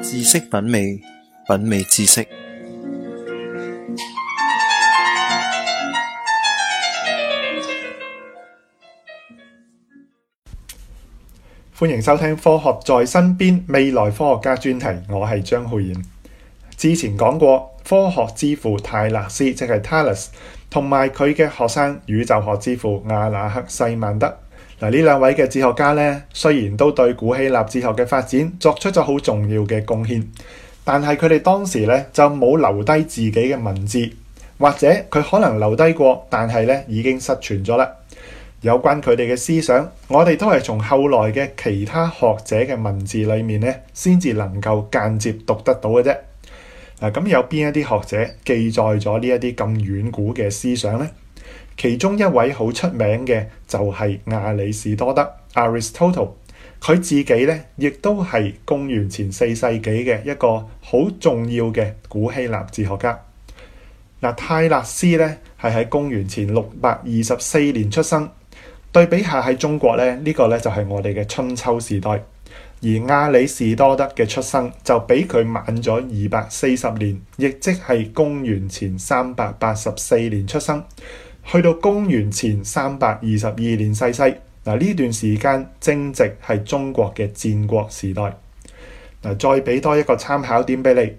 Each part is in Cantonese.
知識品味，品味知識。歡迎收聽《科學在身邊：未來科學家》專題，我係張浩然。之前講過，科學之父泰勒斯，即係 Thales，同埋佢嘅學生宇宙學之父阿那克西曼德。嗱，呢兩位嘅哲學家咧，雖然都對古希臘哲學嘅發展作出咗好重要嘅貢獻，但係佢哋當時咧就冇留低自己嘅文字，或者佢可能留低過，但係咧已經失傳咗啦。有關佢哋嘅思想，我哋都係從後來嘅其他學者嘅文字裏面咧，先至能夠間接讀得到嘅啫。嗱，咁有邊一啲學者記載咗呢一啲咁遠古嘅思想呢？其中一位好出名嘅就係亞里士多德 （Aristotle），佢自己咧亦都係公元前四世紀嘅一個好重要嘅古希臘哲學家。嗱，泰勒斯咧係喺公元前六百二十四年出生。對比下喺中國咧，呢個咧就係我哋嘅春秋時代。而亞里士多德嘅出生就比佢晚咗二百四十年，亦即係公元前三百八十四年出生。去到公元前三百二十二年逝世。嗱，呢段時間正值係中國嘅戰國時代。嗱，再俾多一個參考點俾你，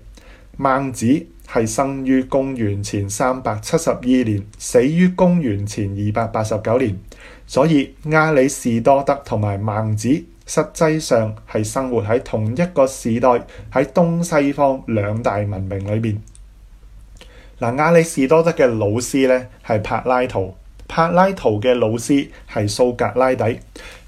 孟子係生於公元前三百七十二年，死於公元前二百八十九年，所以亞里士多德同埋孟子實際上係生活喺同一個時代喺東西方兩大文明裏面。嗱，亞里士多德嘅老師咧係柏拉圖，柏拉圖嘅老師係蘇格拉底，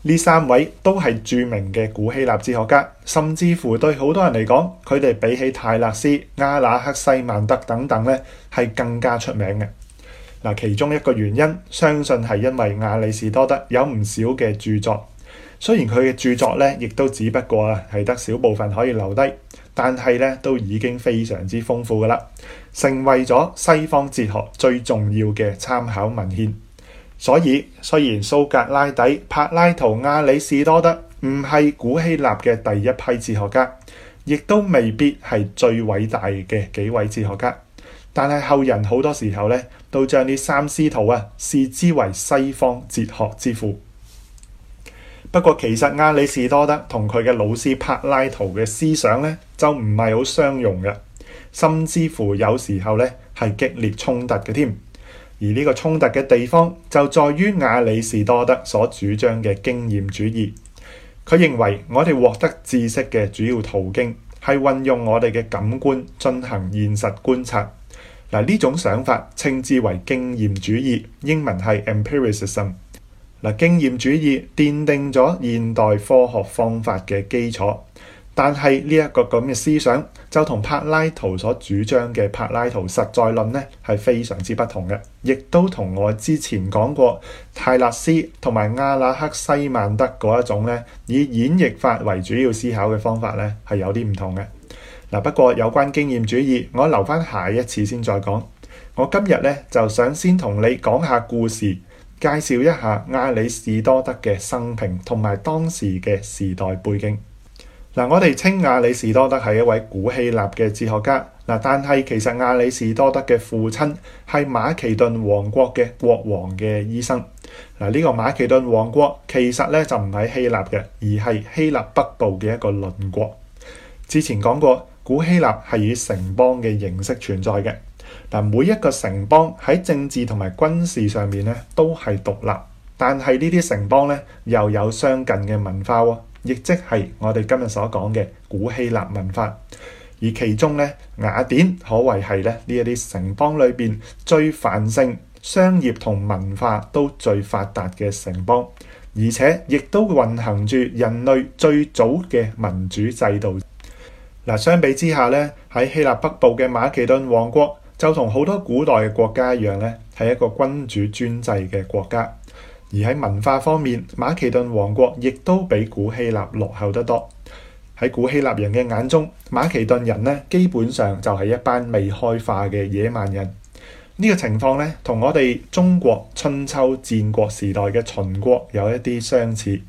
呢三位都係著名嘅古希臘哲學家，甚至乎對好多人嚟講，佢哋比起泰勒斯、阿那克西曼德等等咧，係更加出名嘅。嗱，其中一個原因，相信係因為亞里士多德有唔少嘅著作，雖然佢嘅著作咧，亦都只不過啊係得少部分可以留低。但係咧，都已經非常之豐富噶啦，成為咗西方哲學最重要嘅參考文獻。所以雖然蘇格拉底、柏拉圖、亞里士多德唔係古希臘嘅第一批哲學家，亦都未必係最偉大嘅幾位哲學家，但係後人好多時候咧，都將呢三師徒啊視之為西方哲學之父。不過其實亞里士多德同佢嘅老師柏拉圖嘅思想咧，就唔係好相容嘅，甚至乎有時候咧係激烈衝突嘅添。而呢個衝突嘅地方就在於亞里士多德所主張嘅經驗主義。佢認為我哋獲得知識嘅主要途徑係運用我哋嘅感官進行現實觀察。嗱，呢種想法稱之為經驗主義，英文係 empiricism。嗱，經驗主義奠定咗現代科學方法嘅基礎，但係呢一個咁嘅思想就同柏拉圖所主張嘅柏拉圖實在論呢係非常之不同嘅，亦都同我之前講過泰勒斯同埋阿那克西曼德嗰一種咧以演繹法為主要思考嘅方法咧係有啲唔同嘅。嗱，不過有關經驗主義，我留翻下一次先再講。我今日咧就想先同你講下故事。介紹一下亞里士多德嘅生平同埋當時嘅時代背景。嗱，我哋稱亞里士多德係一位古希臘嘅哲學家。嗱，但係其實亞里士多德嘅父親係馬其頓王國嘅國王嘅醫生。嗱，呢個馬其頓王國其實咧就唔喺希臘嘅，而係希臘北部嘅一個鄰國。之前講過，古希臘係以城邦嘅形式存在嘅。嗱，每一個城邦喺政治同埋軍事上面咧都係獨立，但係呢啲城邦咧又有相近嘅文化喎，亦即係我哋今日所講嘅古希臘文化。而其中咧雅典可謂係咧呢一啲城邦裏邊最繁盛、商業同文化都最發達嘅城邦，而且亦都運行住人類最早嘅民主制度。嗱，相比之下咧喺希臘北部嘅馬其頓王國，就同好多古代嘅國家一樣咧，係一個君主專制嘅國家。而喺文化方面，馬其頓王國亦都比古希臘落後得多。喺古希臘人嘅眼中，馬其頓人呢基本上就係一班未開化嘅野蠻人。呢個情況咧，同我哋中國春秋戰國時代嘅秦國有一啲相似。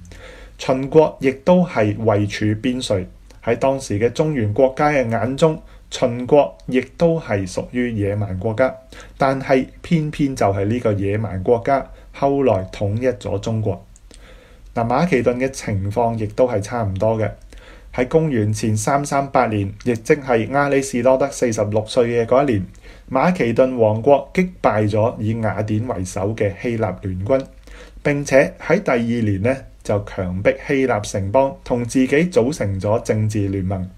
秦國亦都係位處邊陲，喺當時嘅中原國家嘅眼中。秦國亦都係屬於野蠻國家，但係偏偏就係呢個野蠻國家，後來統一咗中國。嗱，馬其頓嘅情況亦都係差唔多嘅。喺公元前三三八年，亦即係亞里士多德四十六歲嘅嗰一年，馬其頓王國擊敗咗以雅典為首嘅希臘聯軍，並且喺第二年呢，就強迫希臘城邦同自己組成咗政治聯盟。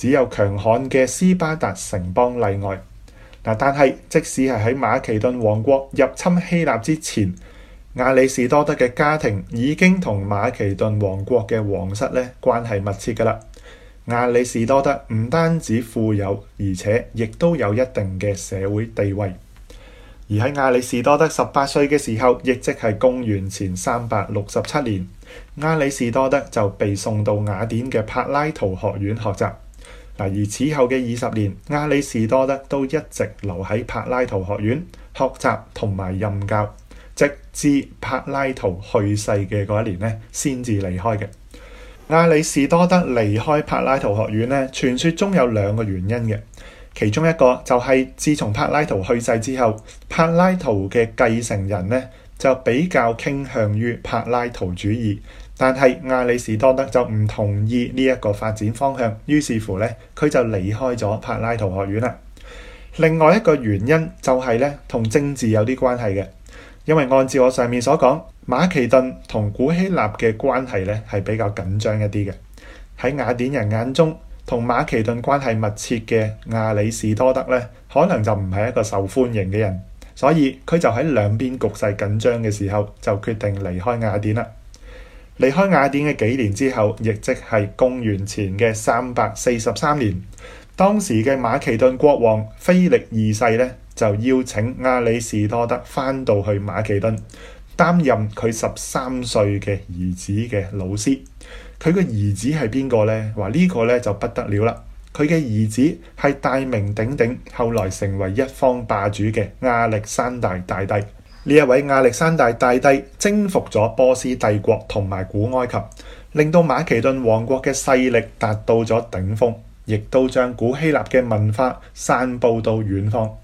只有強悍嘅斯巴達城邦例外。但係即使係喺馬其頓王國入侵希臘之前，亞里士多德嘅家庭已經同馬其頓王國嘅皇室咧關係密切㗎啦。亞里士多德唔單止富有，而且亦都有一定嘅社會地位。而喺亞里士多德十八歲嘅時候，亦即係公元前三百六十七年，亞里士多德就被送到雅典嘅柏拉圖學院學習。而此後嘅二十年，亞里士多德都一直留喺柏拉圖學院學習同埋任教，直至柏拉圖去世嘅嗰一年咧，先至離開嘅。亞里士多德離開柏拉圖學院咧，傳說中有兩個原因嘅，其中一個就係自從柏拉圖去世之後，柏拉圖嘅繼承人咧就比較傾向於柏拉圖主義。但係亞里士多德就唔同意呢一個發展方向，於是乎咧，佢就離開咗柏拉圖學院啦。另外一個原因就係咧，同政治有啲關係嘅，因為按照我上面所講，馬其頓同古希臘嘅關係咧係比較緊張一啲嘅。喺雅典人眼中，同馬其頓關係密切嘅亞里士多德咧，可能就唔係一個受歡迎嘅人，所以佢就喺兩邊局勢緊張嘅時候，就決定離開雅典啦。離開雅典嘅幾年之後，亦即係公元前嘅三百四十三年，當時嘅馬其頓國王腓力二世咧，就邀請亞里士多德翻到去馬其頓擔任佢十三歲嘅兒子嘅老師。佢嘅兒子係邊個呢？話呢個咧就不得了啦！佢嘅兒子係大名鼎鼎，後來成為一方霸主嘅亞歷山大大帝。呢一位亞歷山大大帝征服咗波斯帝國同埋古埃及，令到馬其頓王國嘅勢力達到咗頂峰，亦都將古希臘嘅文化散布到遠方。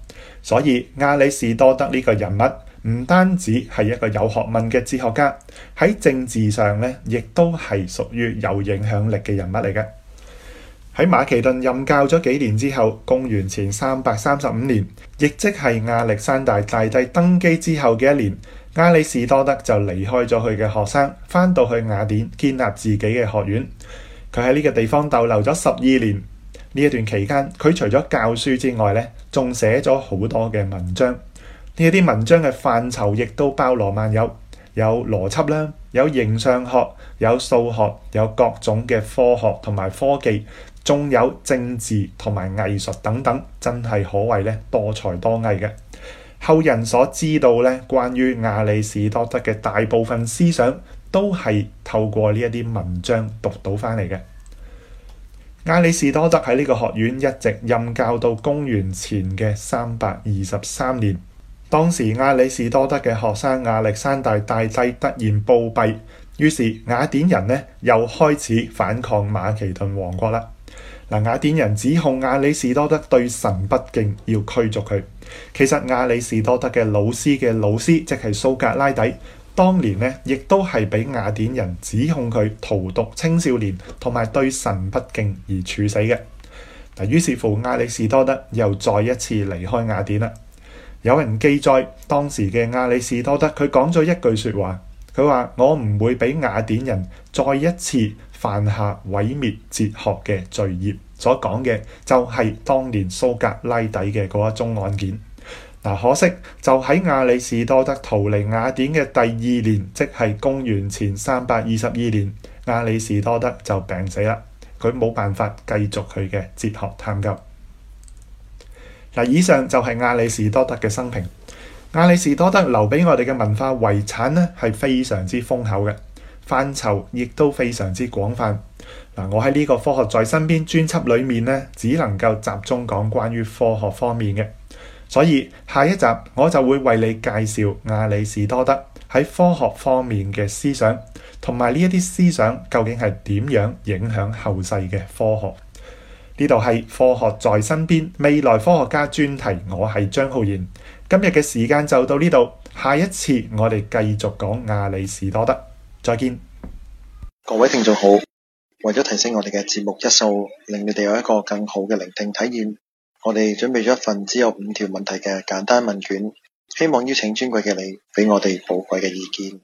所以亞里士多德呢個人物唔單止係一個有學問嘅哲學家，喺政治上咧亦都係屬於有影響力嘅人物嚟嘅。喺馬其頓任教咗幾年之後，公元前三百三十五年，亦即係亞歷山大大帝登基之後嘅一年，亞里士多德就離開咗佢嘅學生，翻到去雅典建立自己嘅學院。佢喺呢個地方逗留咗十二年。呢一段期間，佢除咗教書之外，咧仲寫咗好多嘅文章。呢啲文章嘅範疇亦都包羅萬有，有邏輯啦，有形上學，有數學，有各種嘅科學同埋科技。仲有政治同埋藝術等等，真係可謂咧多才多藝嘅。後人所知道咧，關於亞里士多德嘅大部分思想，都係透過呢一啲文章讀到翻嚟嘅。亞里士多德喺呢個學院一直任教到公元前嘅三百二十三年。當時亞里士多德嘅學生亞歷山大大帝突然暴斃，於是雅典人咧又開始反抗馬其頓王國啦。嗱，雅典人指控亞里士多德對神不敬，要驅逐佢。其實亞里士多德嘅老師嘅老師，即係蘇格拉底，當年呢，亦都係俾雅典人指控佢荼毒青少年同埋對神不敬而處死嘅。嗱，於是乎亞里士多德又再一次離開雅典啦。有人記載，當時嘅亞里士多德，佢講咗一句說話。佢話：我唔會俾雅典人再一次犯下毀滅哲學嘅罪業。所講嘅就係當年蘇格拉底嘅嗰一宗案件。嗱，可惜就喺亞里士多德逃離雅典嘅第二年，即係公元前三百二十二年，亞里士多德就病死啦。佢冇辦法繼續佢嘅哲學探究。嗱，以上就係亞里士多德嘅生平。亞里士多德留俾我哋嘅文化遺產咧，係非常之豐厚嘅，範疇亦都非常之廣泛。嗱，我喺呢個《科學在身邊》專輯裏面咧，只能夠集中講關於科學方面嘅，所以下一集我就會為你介紹亞里士多德喺科學方面嘅思想，同埋呢一啲思想究竟係點樣影響後世嘅科學。呢度係科學在身邊未來科學家專題，我係張浩然。今日嘅時間就到呢度，下一次我哋繼續講亞里士多德，再見。各位聽眾好，為咗提升我哋嘅節目質素，令你哋有一個更好嘅聆聽體驗，我哋準備咗一份只有五條問題嘅簡單問卷，希望邀請尊貴嘅你俾我哋寶貴嘅意見。